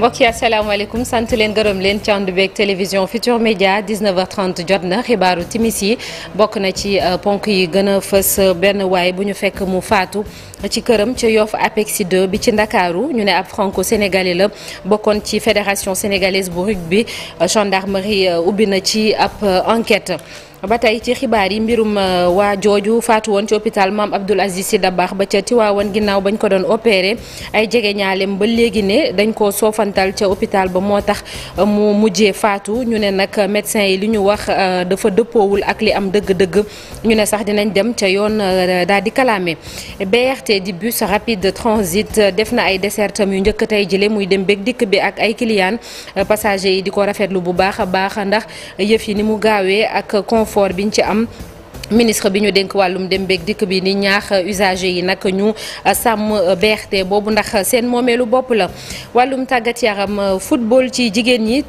mbokk yi asalaamaaleykum sant leen gërëm leen ci ànd beeg télévision Futur Média 19h30 jot na xibaaru timis yi bokk na ci euh, ponk yi gën a fës benn waay bu ñu fekk mu faatu ci këram ca Yoff Apexi 2 bi ci ndakaaru ñu ne ab franco-sénégalais la bokkoon ci fédération sénégalaise bu rugby gendarmerie euh, ubbi na ci ab euh, enquête. ba tey ci xibaar yi mbirum euh, waa jooju faatu woon ci hôpital Maam Abdoul Aziz Sy baax ba ca Tiwaawan ginnaaw bañ ko doon opéré ay jege ñaaleem ba léegi ne dañ koo soofantal ca hôpital ba moo tax euh, mu mujjee faatu ñu ne nag médecin yi li ñu wax euh, dafa dëppoowul ak li am dëgg-dëgg ñu ne sax dinañ dem ca yoon daal di kalaame BRT di bus rapide transit def na ay desertam yu njëkk tey jële muy dem bég dikk bi ak ay kiliyaan passager yi di ko rafetlu bu baax a baax ndax ni mu gaawee ak confort biñ ci am ministre bi ñu dénk wàllum dem beeg dikk bi ni ñaax usagers yi nag ñu sàmm BRT boobu ndax seen moomeelu bopp la wàllum tàggat yaram football ci jigéen ñi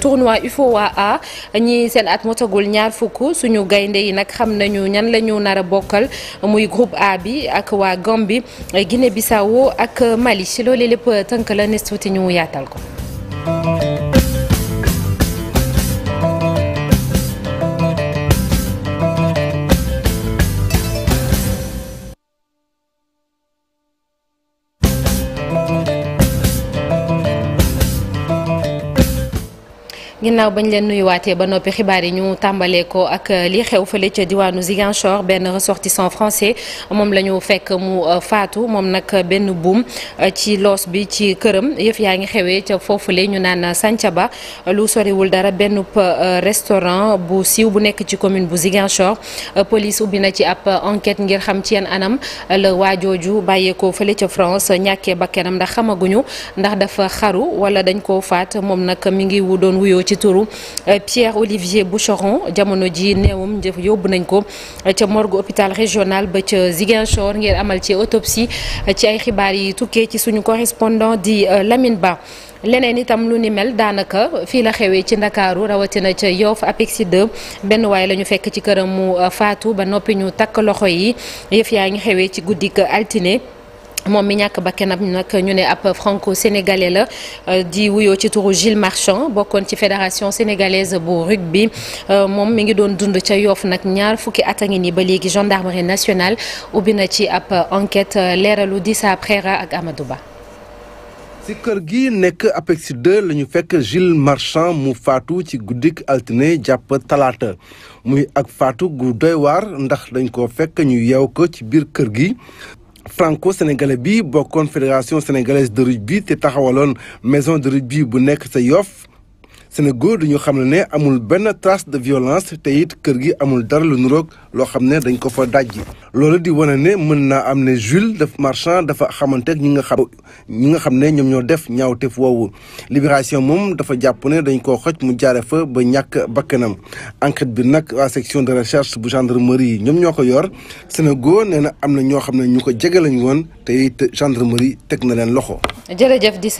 tournoi wa A ñi seen at motagul ñaar fukk suñu gaynde yi nag xam nañu ñan lañu ñu nar a bokkal muy groupe A bi ak waa Gambie Guinée Bissau ak Mali loolee lépp tënk la ne tuuti ñu yaatal ko. ginnaaw bañ leen nuyuwaatee ba noppi xibaar yi ñu tàmbalee ko ak li xew fële ca diwaanu Ziguinchor benn ressortissant français moom la ñu fekk mu euh, faatu moom nag benn buum euh, ci loos bi ci këram yëf yaa ngi xewee ca foofule ñu naan ba lu soriwul dara benn euh, restaurant bu siiw bu nekk ci commune bu Ziguinchor police ubbi na ci ab enquête ngir xam ci yenn anam la waajooju bàyyeekoo fële ca France ñàkkee bakkanam ndax xamaguñu ndax dafa xaru wala dañ koo ci turu euh, Pierre Olivier Boucheron jamono ji néewam jëf yóbbu nañ ko euh, ca morgue hôpital régional ba ca Ziguinchor ngir amal ci autopsie euh, ci ay xibaar yi tukkee ci suñu correspondant di Lamine Ba. leneen itam lu ni mel daanaka fii la xewee ci ndakaaru rawatina ca Yoff apexide benn waaye lañu fekk ci këram mu faatu ba noppi ñu takk loxo yi yëf yaa ngi xewee ci guddik altine moom mi ñàkk bakkanam nag ñu ne ab franco-sénégalais la euh, di wuyoo ci turu Gilles Marchand bokkoon ci fédération sénégalaise bu rugby euh, moom mi ngi doon dund ca Yoff nag ñaar fukki at a ngi nii ba léegi gendarmerie nationale ubbi na ci ab enquête euh, leeralu di sa Préra ak Amadou Ba. ci kër gi nekk APEX 2 la ñu fekk Gilles Marchand mu faatu ci guddik altine jàpp talaata muy ak faatu gu doy waar ndax dañ ko fekk ñu yeew ko ci biir kër gi franco-sénégalais bi bokkoon fédération sénégalaise de rugby te taxawaloon maison de rugby bu nekk sa yoof seen góor dañu xam ne amul benn trace de violence te it kër gi amul dara lu nuroog loo xam ne dañ ko fa dajji loolu di wane ne mën na am ne Jules daf marchand dafa xamanteeg ñu nga xam ñi nga xam ne ñoom ñoo def ñaawteef woowu libération moom dafa jàpp ne dañ koo xoj mu jaare fa ba ñàkk bakkanam enquête bi nag waa section de recherche bu gendre yi ñoom ñoo ko yor seen góor nee na am na ñoo xam ne ñu ko jege lañ woon te it gendarmerie teg na leen loxo. jërëjëf di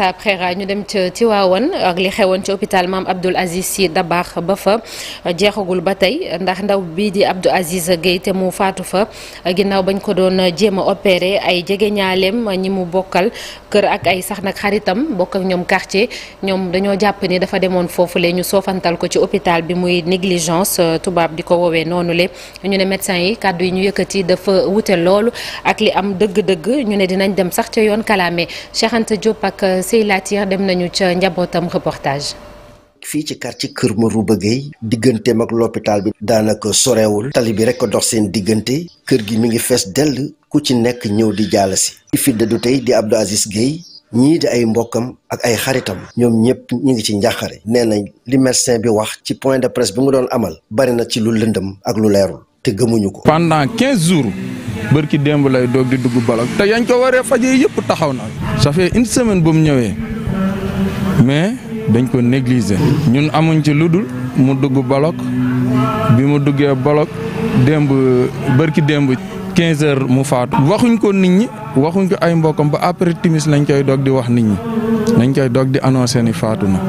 imam Abdoul Aziz Sy Dabakh ba fa jeexagul ba tey ndax ndaw bii di Abdou Aziz Guèye te mu faatu fa ginnaaw bañ ko doon jéem a opéré ay jegeñaaleem ñi mu bokkal kër ak ay sax nag xaritam bokk ak ñoom quartier ñoom dañoo jàpp ni dafa demoon foofu foofule ñu soofantal ko ci hôpital bi muy négligence euh, tubaab di ko woowee noonu le ñu ne médecin yi kàddu yi ñu yëkkati dafa wute loolu ak li am dëgg-dëgg ñu ne dinañ dem sax ca yoon kalaame Cheikh Anta ak euh, Seylatir dem nañu ca njabootam reportage fii ci quartier Kër Marouba Gueye digganteem ak l'hôpital bi daanaka sorewul tali bi rek ko dox seen diggante kër gi mi ngi fees dell ku ci nekk ñëw di jaala si i fidda du tey di Abdou Aziz Gueye ñii di ay mbokkam ak ay xaritam ñoom ñëpp ñu ngi ci njàqare nee na li médecin bi wax ci point de presse bi mu doon amal bari na ci lu lëndëm ak lu leerul te gëmuñu ko pendant quinze jours bërki démb lay doog di dugg balak te yañ ko waree fajee yëpp taxaw na ça fait une semaine dañ ko négliger ñun amuñ ci lu dul mu dugg bolok bi mu duggee bolok démb bërki démb 15 heures mu faatu waxuñ ko nit ñi waxuñ ko ay mbokkam ba après timis lañ koy dog di wax nit ñi lañ koy dog di annoncé ni faatu na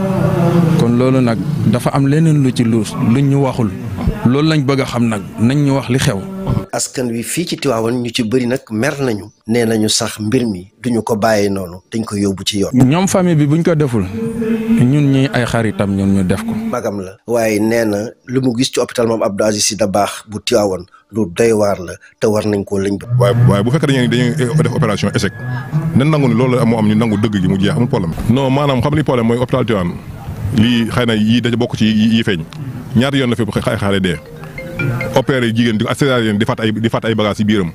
kon loolu nag dafa am leneen lu ci luus luñ ñu waxul loolu lañ bëgg a xam nag nañ ñu wax li xew askan wi fii ci Tiwaawan ñu ci bëri nag mer nañu nee nañu sax mbir mi duñu ko bàyyi noonu dañ ko yóbbu ci yoon ñoom famille bi buñ ko deful ñun ñi ay xaritam ñun ñu def ko magam la waaye nee na lu mu gis ci hôpital moom ab Abdou si Sy baax bu Tiwaawan lu dey waar la te war nañ koo lañ waaye waaye bu fekkee dañuy dañuy def opération échec nan nangu ni loolu moo am ñu nangu dëgg gi mu jeex amul problème non maanaam xam li problème mooy hôpital Tiwaawan lii xëy na yii de bokk ci yi ñaari yoon la fi opéré jigéen di ak césarienne di faat ay di faat ay bagages ci biiram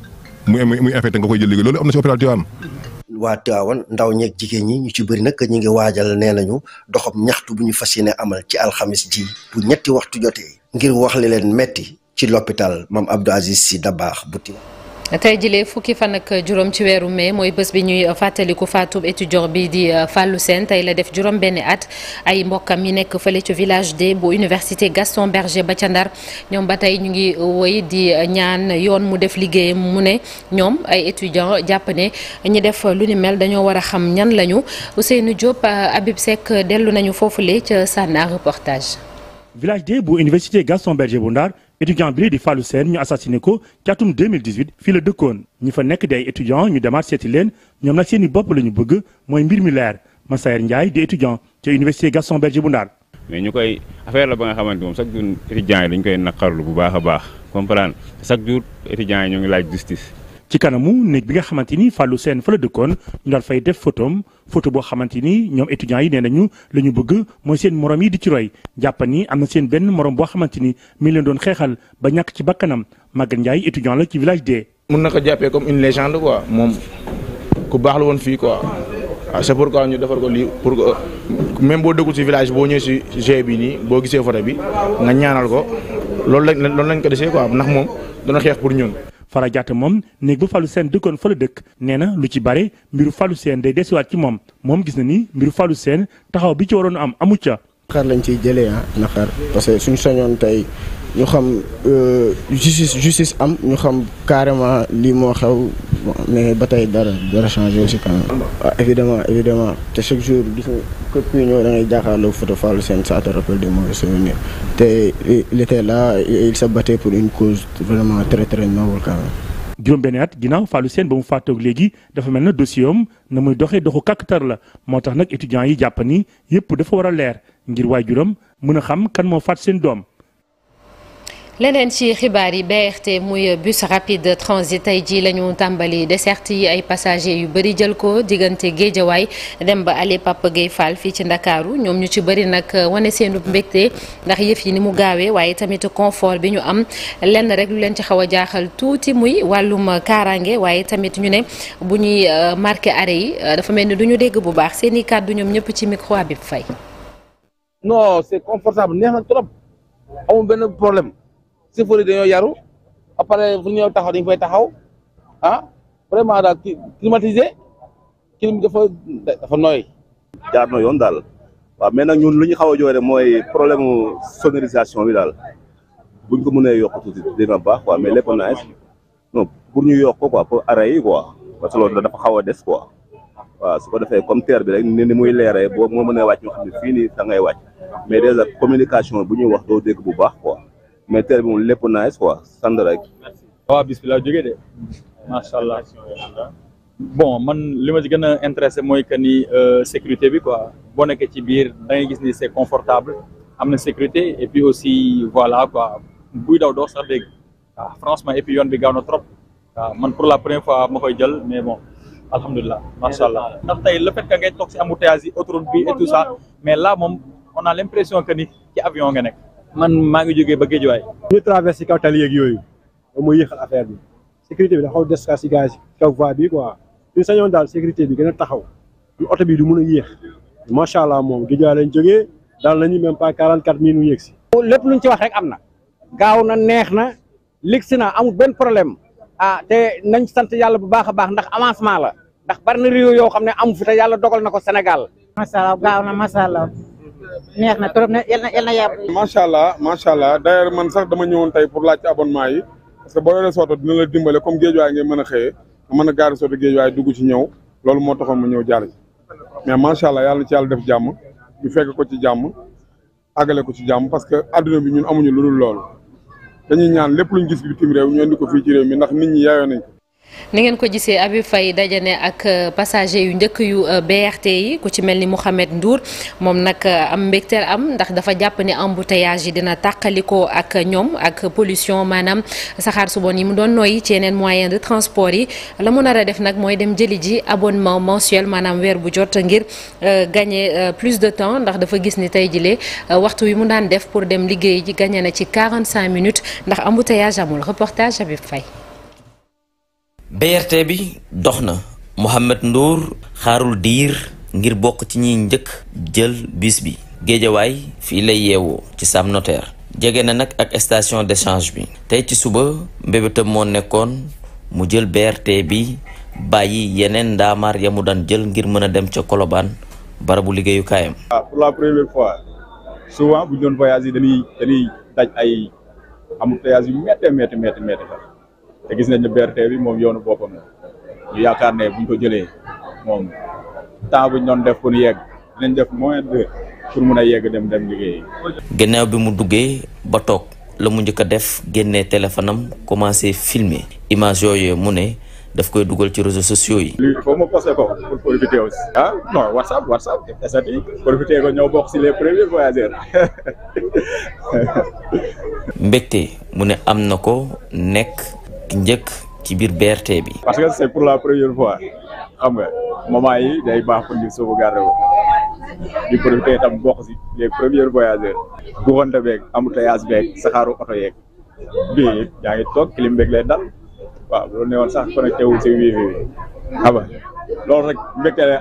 muy muy infecté nga koy jël liggéey loolu am na ci hôpital Tivaouane waa Tivaouane ndaw ñeeg jigéen ñi ñu ci bëri nag ñu ngi waajal nee nañu doxam ñaxtu bu ñu fas yéene amal ci alxamis ji bu ñetti waxtu jotee ngir wax li leen metti ci l'hôpital Mame Abdou Aziz Sy Dabakh bu Tivaouane tey jëlee fukki fan ak juróom ci weeru mais mooy bés bi ñuy fàttaliku faatub étudiant bi di fàllu seen tey la def juróom benn at ay mbokkam yi nekk fële ci village D bu université Gaston Berger ba ca Ndar ñoom ba tey ñu ngi woy di ñaan yoon mu def liggéeyam mu ne ñoom ay étudiant jàpp ne ñi def lu ni mel dañoo war a xam ñan lañu u seeni Diop Habib Seck dellu nañu foofu le ca Sànna reportage village D bu université Gaston Berger bu Ndar étudiant bi di Fallou seen ñu assassiné ko ci atum 2018 fii la dëkkoon ñu fa nekk di ay étudiant ñu demaat seeti leen ñoom nag seen bopp lañu bëgg mooy mbir mi ma Massaer Ndiaye di étudiant ci université Gaston Berger bu Ndar mais ñu koy affaire la ba nga xamante moom chaque jour étudiant yi koy naqarlu bu baax a baax comprendre chaque jour étudiant yi ñoo ngi laaj justice ci kanamu néeg bi nga xamante ni Fallou Sène fa la dëkkoon ñu daal fay def photom photo boo xamante ni ñoom étudiants yi nee nañu la ñu bëgg mooy seen moroom yi di ci roy jàpp ni am na seen benn morom boo xamante ni mi leen doon xeexal ba ñàkk ci bakkanam Maguette Ndiaye étudiant la ci village D. mun na ko jàppee comme une légende quoi moom ku baax la woon fii quoi waaw ah, c'est pourquoi ñu defar ko lii pour que même boo dëkkul si village boo ñëwee si G bi nii boo gisee photo bi nga ñaanal ko loolu lañ loolu lañ ko desee quoi ndax moom dana xeex pour ñun. Fara Diatta moom néeg bu Fallou Sène dëkkoon fa dëkk nee na lu ci bare mbiru falu seen day desiwaat ci moom moom gis na ni mbiru falu Sène taxaw bi ci waroon am amu ca. naqar lañ ciy jëlee ah naqar parce que suñ sañoon tey ñu xam euh, justice justice am ñu xam carrément lii moo xew. bon mais ba tey dara dara changé aussi quand même. ah évidemment évidemment te chaque jour gis nga képp kuy ñëw da ngay jàkkaarloog photo Fallou Sène ça te rappelle des mauvais souvenirs te il était il se battait pour une cause vraiment très très noble juróom-benn at ginnaaw Fallou Sène ba mu faatoog léegi dafa mel na dossier am na muy doxee doxu kàkkatar la moo tax nag étudiants yi jàpp ni yëpp dafa war a leer ngir waajuram mën a xam kan moo faat seen doom. leneen ci xibaar yi BRT muy bus rapide transit tey jii la ñu tàmbali desserte yi ay passagers yu bëri jël ko diggante Géejawaay dem ba Ali Papa Gueye Fall fii ci Ndakaaru ñoom ñu ci bëri nag wane seenub mbégte ndax yëf yi ni mu gaawee waaye tamit confort bi ñu am lenn rek lu leen ci xaw a jaaxal tuuti muy wàllum kaaraange waaye tamit ñu ne bu ñuy euh, marqué arrêt yi euh, dafa mel ni duñu dégg bu baax seen i kàddu ñoom ñëpp ci micro Habib Faye non c'est confortable chauffeur yi dañoo yaru ba pare fu ñëw taxaw dañ fay taxaw ah vraiment daal climatisé clim dafa dafa nooy jaar na yoon daal waa mais nag ñun lu ñu xaw a joore rek mooy problème sonorisation bi daal buñ ko mënee yokk tuuti dina baax quoi mais lépp na non pour ñu yokk quoi pour arrêt yi quoi parce que loolu dafa xaw a des quoi waaw su ko defee comme terre bi rek ni ni muy leeree boo moo mënee wàcc ñu xam ne fii nii da ngay wàcc mais déjà communication bu ñuy wax doo dégg bu baax ko mais teel bi moom lépp nice quoi sant rek. waaw bis laa jógee de macha allah bon man li ma ci gën a intéressé mooy que ni euh, sécurité bi quoi boo nekkee ci biir da ngay gis ni c'est confortable am na sécurité et aussi voilà quoi buy daw doo sax dégg waaw ah, franchement et yoon bi gaaw na trop waaw ah, man pour la première fois ma koy jël mais bon alhamdulilah macha allah ndax tey le fait que si embouteillage yi autoroute bi mais là moom on a l'impression que ni avion nga nekk. man maa ngi jógee ba Guédiawaye ñu traverse si kaw tali yeeg yooyu ba mu yéexal affaire bi sécurité bi da xaw des si gars yi kaw voie bi quoi sañoon daal sécurité bi gën a taxaw ñu oto bi du mun a yéex macha allah moom Guédiawaye lañ jógee daal nañu même pas 44 minutes yéeg si. lépp luñ ci wax rek am na gaaw na neex na ligg si na amul benn problème ah te nañ sant yàlla bu baax a baax ndax avancement la ndax bari na yoo xam ne amu fi te yàlla dogal na ko Sénégal. macha allah gaaw na macha neex na trop macha allah macha allah d'ailleurs man sax dama ñëwoon tey pour laaj ci abonnement yi parce que boo yoree soto dina la dimbale comme géejuwaay ngay mën a xëyee nga mën a gaari géej waaye dugg ci ñëw loolu moo taxoon ma ñëw jaar ci mais macha allah yàlla na ci yàlla def jàmm ñu fekk ko ci jàmm àggale ko ci jàmm parce que adduna bi ñun amuñu lu dul loolu dañuy ñaan lépp luñ gis bitim réew ñu indi ko fii ci réew mi ndax nit ñi yaayoo nañ ko ni ngeen ko gisee fay Faye dajane ak euh, passager yu njëkk yu euh, BRT yi ku ci mel ni Mouhamed Ndour moom nag euh, am mbégteel am ndax dafa jàpp ni embouteillage yi dina tàqalikoo ak ñoom ak pollution maanaam saxaar su bon yi mu doon nooyi ci yeneen moyen de transport yi la mu nar a def nag mooy dem jëli ji abonnement mensuel maanaam weer bu jot ngir gagner plus de temps ndax dafa gis ni tey jilee waxtu wi mu daan def pour dem liggéey ji gagné na ci 45 minutes ndax embouteillage amul reportage Habib Faye BRT bi dox na Mouhamed Ndour xaarul diir ngir bokk ci ñiy njëkk jël bis bi géejawaay fii lay yeewoo ci Sam Notaire jege na nag ak station de change bi tey ci suba mbébétam moo nekkoon mu jël BRT bi bàyyi yeneen ndaamaar ya mu daan jël ngir mën a dem ca Colobane barabu liggéeyukaayam. ah souvent bu ñu doon voyage yi dañuy daj ay embouteillage yu méttee méttee méttee méttee te gis nañ ne BRT bi moom yoonu boppam la ñu yaakaar ne buñ ko jëlee moom temps buñ doon def pour yegg dinañ def moins pour mun a yegg dem dem liggéey. ginnaaw bi mu duggee ba toog la mu njëkk a def génnee téléphone am commencé filmer image yooyu mu ne daf koy dugal ci réseaux sociaux yi. lii foofu ma ko pour profiter aussi. ah non WhatsApp WhatsApp desat yi profiter ko ñoo bokk mbégte mu ne am na ko nekk. ki njëkk ci biir BRT bi. parce que c'est pour la première fois xam nga moment yi day baax pour ñu sauvegarder ko di profité itam bii ngi toog clim beeg lay dal waaw loolu ne sax connecté wu si wifi bi loolu rek mbégte lay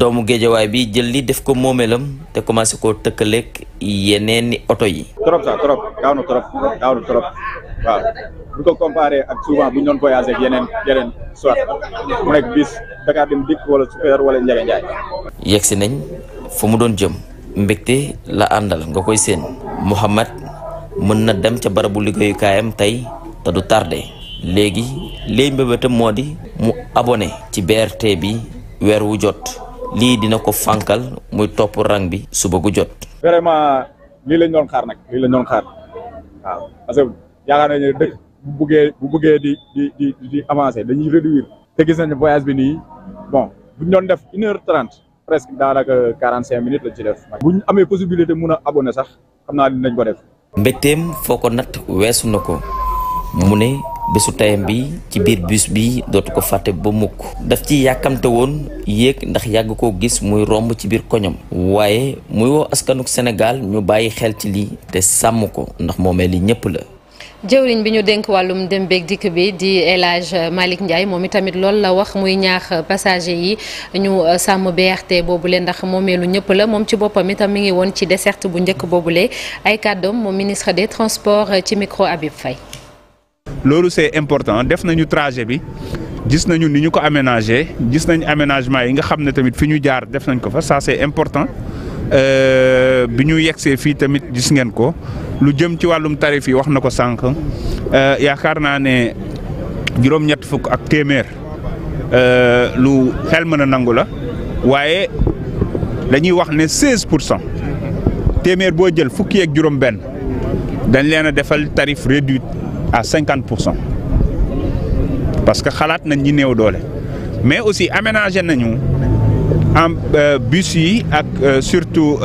doomu géejawaay bi jël li def ko moomeelam te commencé ko tëkkaleeg yeneen oto yi. trop sax trop gaaw na trop gaaw na trop. waaw bu ko comparé ak souvent bu doon voyagé ak yeneen yeneen soit mu nekk bis Dakar dem dikk wala super wala Ndiaga Ndiaye. yegg si nañ fa mu doon jëm mbégte la àndal nga koy seen Mouhamad mën na dem ca barabu liggéeyukaayam tey te du tardé léegi liy mbébétam moo di mu abone ci BRT bi weer wu jot lii dina ko fànkal muy topp rang bi suba gu jot. vraiment lii lañ xaar nag lii lañ doon xaar waaw yaa nañ ne dëkk bu buggee bu buggee di di di di avancer dañuy réduire te gis nañ voyage bi nii bon buñ doon def une heure trente presque daanaka quarante cinq minutes lañ ci def buñ amee possibilité mun a abonné sax xam naa dinañ ko def mbégteem foo ko natt weesu na ko mu ne bésu tayam bi ci biir bus bi dootu ko fàtte ba mukk daf ci yàkkamte woon yéeg ndax yàgg koo gis muy romb ci biir koñam waaye muy woo askanuk Sénégal ñu bàyyi xel ci li te sàmm ko ndax moomee li ñëpp la jëwriñ bi ñu denk wàllum dem beeg dikk bi di El Hadj Malick Ndiaye moom itamit loolu la wax muy ñaax passager yi ñu sàmm BRT boobule ndax moom moomeelu ñëpp la moom ci boppam itam mi ngi woon ci desserte bu njëkk boobule ay kàddoom moom ministre de transports ci micro Habib Faye. loolu c'est important def nañu trajet bi gis nañu ni ñu ko aménagé gis nañu aménagement yi nga xam ne tamit fi ñu jaar def nañ ko fa ça c'est important euh, bi ñu yegsee fii tamit gis ngeen ko. lu jëm ci wàllum tarif yi wax na ko sànq euh, yaakaar naa ne juróom-ñett fukk ak téeméer euh, lu xel mën a nangu la waaye dañuy wax ne 16 pour cent téeméer boo jël fukki ak juróom-benn dañ leen a defal tarif réduit à 50 pour cent parce que xalaat nañ ñi néew doole mais aussi aménagé nañu en euh, bus yi ak surtout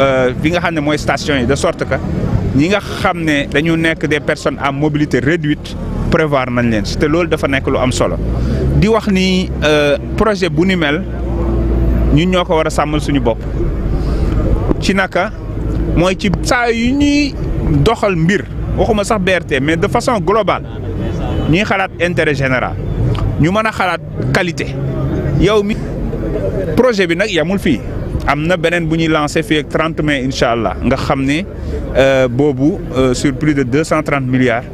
fi nga xam ne mooy station yi de sorte que. ñi nga xam ne dañu nekk des personnes à mobilité réduite prévoir nañ leen te loolu dafa nekk lu am solo di wax ni euh, projet bu ni mel ñun ñoo ko war a sàmmal suñu bopp ci naka mooy ci saa yu ñuy doxal mbir waxuma sax BRT mais de façon globale ñuy xalaat intérêt général ñu mën a xalaat qualité yow mi projet bi nag yamul fii am na beneen bu ñuy lancé fii ak 30 mai allah nga xam ne euh, boobu euh, sur plus de 230 milliards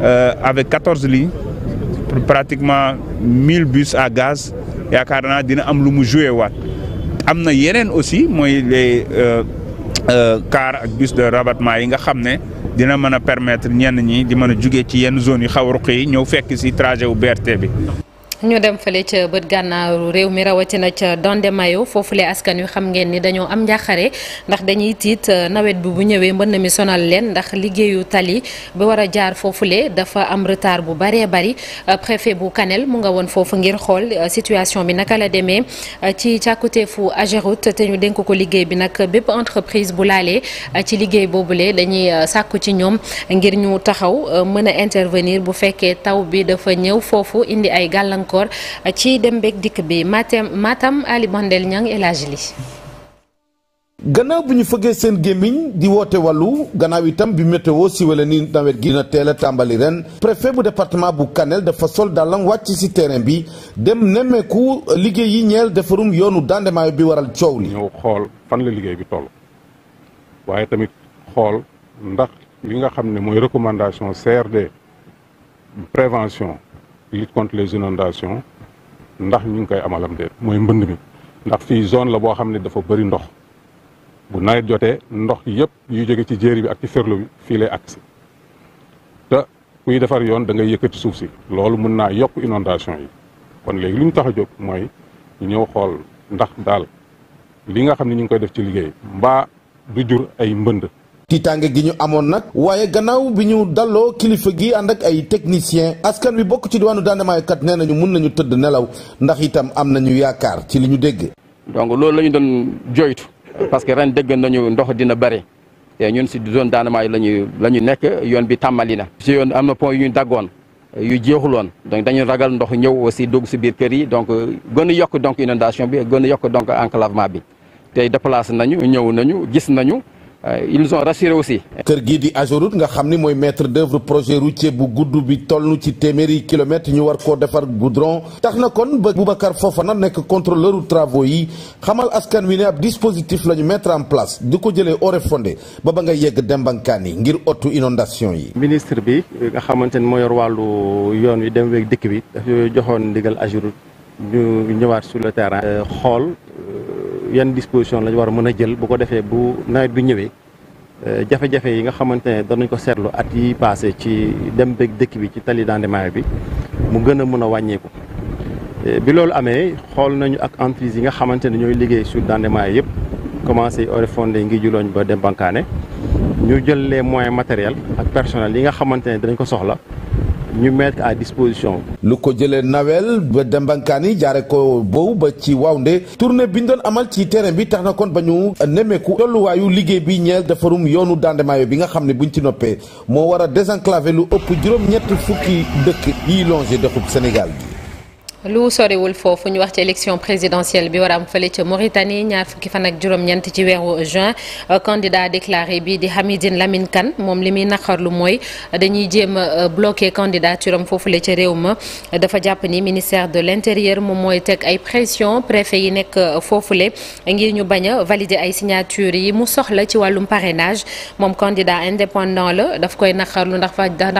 euh, avec 14 lignes pratiquement 1000 bus à gaz yaakaar naa dina am lu mu joué waat am na yeneen aussi mooy les car ak bus de rabattement yi nga xam ne dina mën a permettre ñenn ñi di mën a jugee ci yenn zone yi xaw ruq yi ñëw fekk si trajet wu BRT bi. ñu dem fële ca bët gànnaaru réew mi rawatina ca Donde Mayo foofule askan wi xam ngeen ni dañoo am njàqare ndax dañuy tiit euh, nawet bi bu ñëwee mbënn mi sonal leen ndax liggéeyu tali bi war a jaar foofu foofule dafa am retard bu baree bari euh, préfet bu Kanel mu nga woon foofu ngir xool euh, situation bi naka la demee ci càkkuteefu Ageroute te ñu dénk ko liggéey bi nag bépp entreprise bu laalee ci liggéey boobu lee dañuy sàkku ci ñoom ngir ñu taxaw mën a intervenir bu fekkee taw bi dafa ñëw foofu indi ay gàllankoor. gàllankoor ci dem beeg dikk bi Matam Matam Ali Bandel Niang Li gannaaw bu ñu fëggee seen gémmiñ di woote wàllu gannaaw itam bi météo siwale ni nawet gi na teel a tàmbali ren préfet bu département bu Kanel dafa sol dàllam wàcc ci terrain bi dem nemmeeku liggéey yi ñeel defarum yoonu dandemaayo bi waral coow li ñëw xool fan la liggéey bi toll waaye tamit xool ndax li nga xam ne mooy recommandation CRD prévention lu contre les inondations ndax ñu ngi koy amalam déet mooy mbënd mi ndax fii zone la boo xam ne dafa bëri ndox bu nawet jotee ndox yëpp yu jóge ci jéeri bi ak ci ferlo bi fii lay si te kuy defar yoon da ngay yëkkati suuf si loolu mën naa yokk inondation yi kon léegi li ñu tax a jóg mooy ñëw xool ndax daal li nga xam ne ñu ngi koy def ci liggéey mbaa du jur ay mbënd tiitaange gi ñu amoon nag waaye gannaaw bi ñu dalloo kilifa gi ànd ak ay technicien askan wi bokk ci di diwaanu Dandemaayokat nee nañu mun nañu tëdd nelaw ndax itam am ñu yaakaar ci li ñu dégg. donc loolu la ñu doon joytu parce que ren dégg nañu ndox dina bëri te ñun si zone Dandemaay la ñu la ñu nekk yoon bi tàmmali na. yoon am na point yu ñu daggoon yu jeexuloon donc dañu ragal ndox ñëw aussi dugg si biir kër yi donc gën yokk donc inondation bi gën yokk donc enclavement bi tey déplacé nañu ñëw nañu gis nañu. Euh, ils nous ont aussi. kër gi di Ageroute nga xam ni mooy maître d'œuvre projet routier bu gudd bi toll ci téeméeri kilomètres ñu war koo defar goudron. tax na kon ba Boubacar na nekk contrôleur travaux yi xamal askan wi ne ab dispositif la ñu mettre en place di ko jëlee ore ba ba nga yegg dem dembankaan yi ngir ottu inondation yi. ministre bi nga xamante ni moo yor wàllu yoon wi dem weeg dikk bi daf joxoon ndigal Ageroute ñu ñëwaat su le terrain. Euh, xool. yan disposition lañ war a mën a jël bu ko defee bu nawet bi ñëwee euh, jafe-jafe yi nga xamante ne danañ ko seetlu at yi passé ci dem beeg dëkk bi ci tali Dandé bi mu gën a mën a wàññeeku. Euh, bi loolu amee xool nañu ak entreprise yi nga xamante ne ñooy liggéey sur Dandé Mayo yëpp commencé Oréfondé ngi julooñ ba dem Bankaane ñu jël les moyens matériels ak personnels yi nga xamante ne dinañ ko soxla. ñu mettre à disposition. lu ko jëlee nawel ba dembankaani jaare ko bow ba ci waawnde tournée bi ñu doon amal ci terrain bi tax na kon ba ñu nemmeeku tolluwaayu liggéey bi ñeel defarum yoonu Dandemaayo bi nga xam ne buñ ci noppee moo war a désenclaver lu ëpp juróom-ñett fukki dëkk yiy longé dexub Sénégal bi lu soriwul foofu ñu wax ci élection présidentielle bi war a am fële ca Mauritanie ñaar fukki fan ak juróom-ñeent ci weeru juin candidat déclaré bi di Hamidine Lamine Kane moom li muy naqarlu mooy dañuy jéem a euh, bloqué candidature am foofule ca réew ma dafa jàpp ni ministère de l' intérieur moom mooy teg ay pression préfet yi nekk foofu euh, foofule ngir ñu bañ a valider ay signature yi mu soxla ci wàllum parrainage moom candidat indépendant la daf koy naqarlu ndax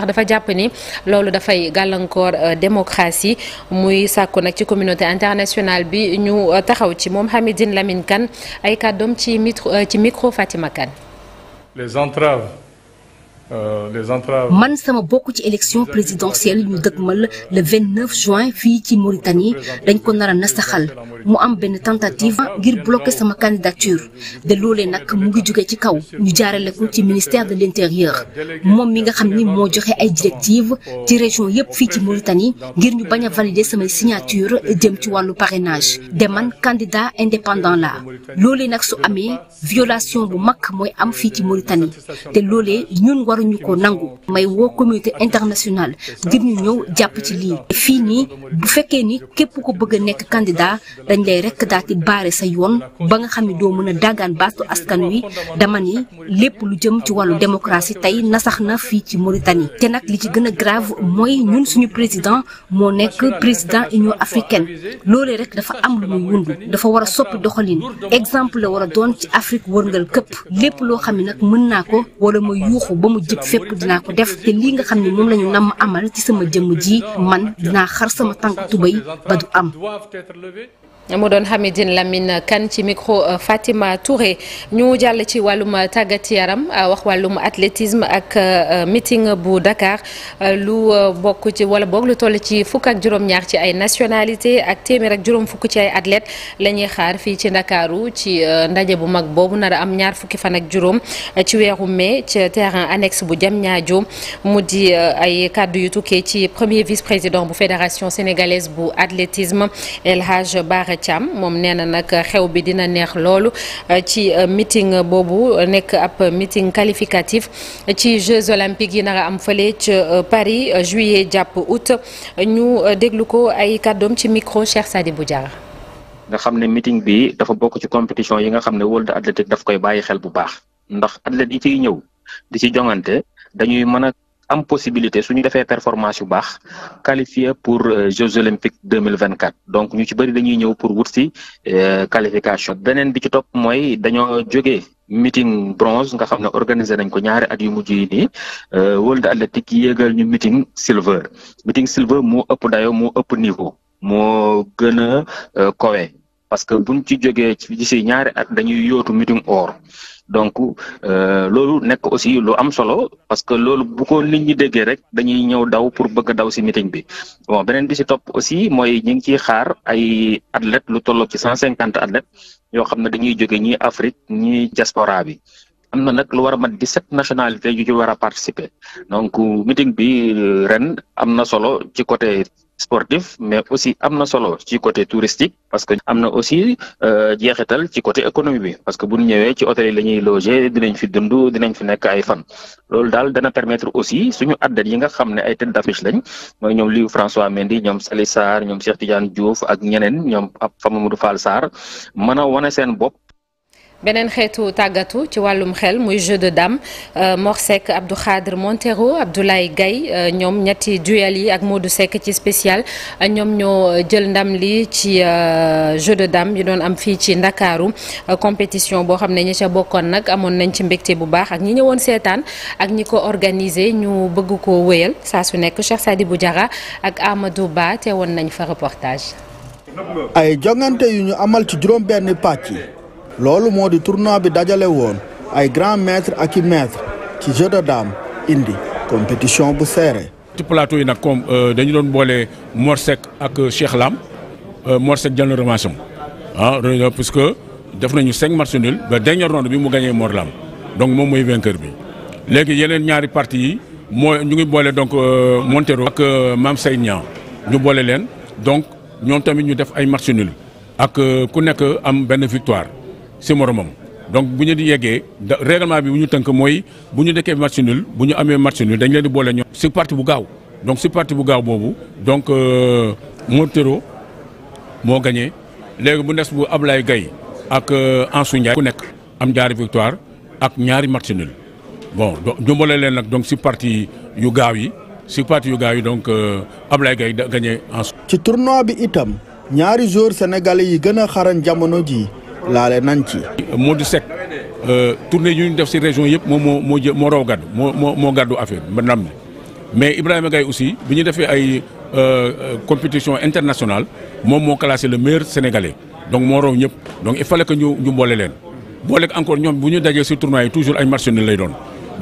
dafa jàpp ni loolu dafay gàllankoor euh, démocratie muy. sàkku nag ci communauté internationale bi ñu euh, taxaw ci moom Hamidine lamin kan ay kàddoom ci mitro euh, ci micro Fatima Kane les entraves Euh, les entraves. man sama bokk ci élection présidentielle ñu dëgmal le 29 juin fii ci Mauritanie dañ ko nar a nasaxal mu am benn tentative ngir bloquer sama candidature de loolee nag mu ngi jóge ci kaw ñu jaarale ko ci ministère de l' intérieur moom mi nga xam ni moo joxe ay directives ci région yëpp fii ci Mauritanie ngir ñu bañ a valider samay signature jëm ci wàllu parrainage de man candidat indépendant la loolee nag su amee violation bu mag mooy am fii ci Mauritanie waruñu ko nangu may woo communauté internationale ngir ñu ñëw jàpp ci lii fii nii bu fekkee ni képp ko bëgg a nekk candidat dañ lay rekk daal di baare sa yoon ba nga xam ne doo mën a daggaan baatu askan wi dama ni lépp lu jëm ci wàllu démocratie tey nasax na fii ci Mauritanie te nag li ci gën a grave mooy ñun suñu président moo nekk président Union africaine loolee rekk dafa am lu muy wund dafa war a soppi doxalin exemple la war a doon ci Afrique wërngal këpp lépp loo jig fépp dinaa ko def te lii nga xam ne moom la ñu namm amal ci sama jëmm ji man dinaa xar sama tànk tubéy ba du am mu doon Hamidine Lamine kan ci micro euh, Fatima Touré ñu jàll ci wàllum euh, tàggat yaram euh, wax wàllum athlétisme ak meeting bu Dakar lu bokk ci wala boog lu toll ci fukk ak juróom-ñaar ci ay nationalité ak téeméer ak juróom fukk ci ay athlètes la ñuy xaar fii ci Ndakaaru ci ndaje bu mag boobu nar am ñaar fukki fan ak juróom ci weeru mai ci terrain annexe bu Diamniadio mu di ay kàddu yu tukkee ci premier vice-président bu fédération sénégalaise bu athlétisme Soxna moom nee na nag xew bi dina neex loolu euh, ci euh, meeting boobu nekk ab meeting qualificatif ci Jeux olympiques yi nara am fale ca euh, Paris juillet jàpp août ñu déglu ko ay kàddoom ci micro Cheikh Sadibou Diarra. nga xam ne meeting bi dafa bokk ci compétition yi nga xam ne World Athletics daf koy bàyyi xel bu baax ndax athlètes yi ciy ñëw di ci joŋante dañuy mën am possibilité suñu defee performance yu baax qualifié pour euh, Jeux olympiques deux mille vingt quatre donc ñu ci bëri dañuy ñëw pour wut si euh, qualification beneen bi ci topp mooy dañoo jógee meeting bronze nga xam ne organiser nañ ko ñaari at yu mujj yi nii euh, World Athletics yéegal ñu meeting silver meeting silver moo ëpp dayo moo ëpp niveau moo gën a kowe parce que bu buñ ci jógee ci si ñaari at dañuy yootu meeting or donc euh, loolu nekk aussi lu am solo parce que loolu bu ko nit ñi déggee rek dañuy ñëw daw pour bëgg a daw si meeting bi bon beneen bi si topp aussi mooy ñi ngi ciy xaar ay athlètes lu tolloo ci cent cinquante athlètes yoo xam ne dañuy jóge ñii Afrique ñii diaspora bi am na nag lu war a mat dix-sept nationalités yu ci war a participer donc meeting bi euh, ren am na solo ci côté. sportif mais aussi am na solo ci côté touristique parce que am na aussi euh, jeexital ci côté économie bi parce que bu ñëwee ci hôtel yi la ñuy loger dinañ fi dund dinañ fi nekk ay fan loolu daal dana permettre aussi suñu athlètes yi nga xam ne ay tête d'affiche lañ mooy ñoom Liw François Mendy ñoom Sali Sarr ñoom Cheikh Tidiane ak ñeneen ñoom ab Mamadou Fall Sarr mën a wane seen bopp beneen xeetu tàggatu ci wàllum xel muy jeu de dame euh, Mor Seck Abdou Khadre Montero Abdoulaye Gaye euh, ñoom ñetti duel yi ak Modou sekk ci spécial euh, ñoom ñoo jël ndam li ci jeu de dame yi doon am fii ci Ndakaaru compétition boo xam ne ñi ca bokkoon nag amoon nañ ci mbégte bu baax ak ñi ñëwoon seetaan ak ñi ko organiser ñu bëgg ko wéyal saa su nekk Cheikh Sadibou Diarra ak Amadou Ba teewoon nañ fa reportage ay jongante yu ñu amal ci juróom benn pàcc loolu moo di tournoi bi dajale woon ay grand maître ak i maître ci jeu de dame indi compétition bu serré. ci plateau yi nag comme euh, dañu doon boole Mor ak euh, Cheikh Lam euh, Mor Seck jël na revanche ah, def nañu cinq matchs nuls ba dernière ronde bi mu gañee Mor Lam donc moom mooy vainqueur bi léegi yeneen ñaari parties yi mooy ñu ngi boole donc Montero ak Mame Sey Niang ñu boole leen donc ñoom tamit ñu def ay matchs nuls ak ku nekk am benn victoire. si moromam donc bu ñu di yegee da bi bu ñu tënk mooy bu ñu dekkee match nul bu ñu amee match nul dañ leen di boole ñoom. si parti bu gaaw donc si parti bu boobu donc euh, Montero moo gagné léegi bu nes bu Ablaye Gaye ak euh, Ansou Ndiaye ku nekk am jaari victoire ak ñaari match nul bon jumbale leen nag donc si parti yu gaaw yi si parti yu gaaw yi donc euh, Ablaye Gaye da gagné Ansou. ci tournoi bi itam ñaari joueurs sénégalais yi gën a xarañ jamono jii. laale nañ ci. Modou Seck euh, tournée yu ñu def si région yëpp moo moo jë moo raw gàddu moo moo moo gàddu affaire bi ndam mi mais Ibrahima Gaye aussi bi ñu defee ay euh, euh, compétition internationale moom moo classé le maire sénégalais donc moo raw ñëpp donc il fallait ñu ñu boole leen. boole encore ñoom bu ñu dajee si tournoi yi toujours ay marché lay doon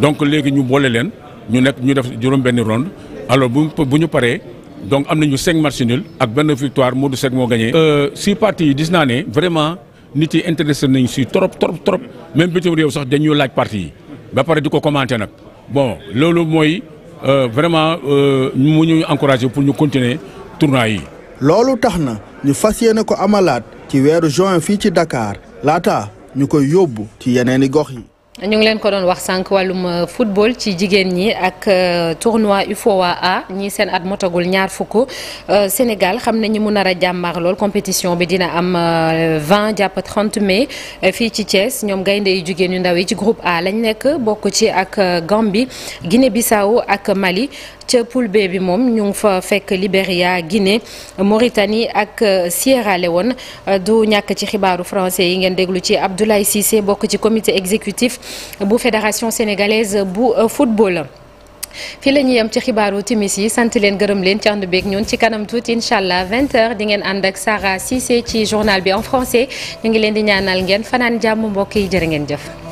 donc léegi ñu boole leen ñu nekk ñu def juróom benni ronde alors bu bu ñu paree. donc am nañu cinq matchs nuls ak benn victoire Modou Seck moo gagné. si parti yi gis naa ne vraiment. nit yi intéressé nañ si trop trop trop même bitim réew sax dañu laaj parti yi ba pare di ko commenté nag bon loolu mooy euh, vraiment euh, mu ñu encouragé pour ñu continuer tournoi yi. loolu tax na ñu fas yéene ko amalaat ci weeru juin fii ci Dakar laata ñu koy yóbbu ci yeneen i gox yi. ñu ngi leen ko doon wax sànq wàllum euh, football ci jigéen ñi ak euh, tournoi UFOA A ñii seen at motagul ñaar fukk euh, Sénégal xam ñi mu nar a jàmmaar lool compétition bi dina am 20 jàpp 30 mai fii ci Thiès ñoom gaynde yu jigéen yu ndaw yi ci groupe A lañ nekk bokk ci ak Gambie Guinée Bissau ak Mali. ca poule bi moom ñu ngi fa fekk Libéria Guinée Mauritanie ak euh, Sierra woon euh, du ñàkk ci xibaaru français yi ngeen déglu ci Abdoulaye Cissé bokk ci commité exécutif bu fédération sénégalaise bu euh, football. fii la ñuy yem ci xibaaru timis yi sant leen gërëm leen ci ànd beeg ñun ci kanam tuuti incha allah 20h di ngeen ànd ak Sarah Cissé ci journal bi en français ñu ngi leen di ñaanal ngeen fanaan jàmm mbokk yi jërë ngeen jëf.